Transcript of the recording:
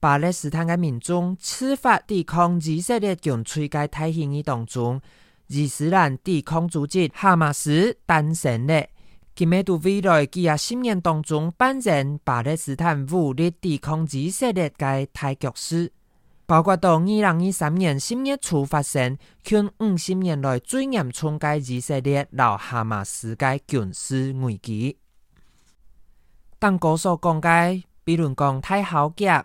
巴勒斯坦的民眾自發抵抗以色列軍推嘅太行嘅當中，伊斯蘭抵抗組織哈馬斯誕生了。今日在未來幾啊十年當中，擔任巴勒斯坦武力抵抗以色列嘅大局勢。包括到二零二三年十月初發生，向五十年來最嚴重的以色列老哈馬斯嘅軍事危機。但高手講解，比如講太好夾。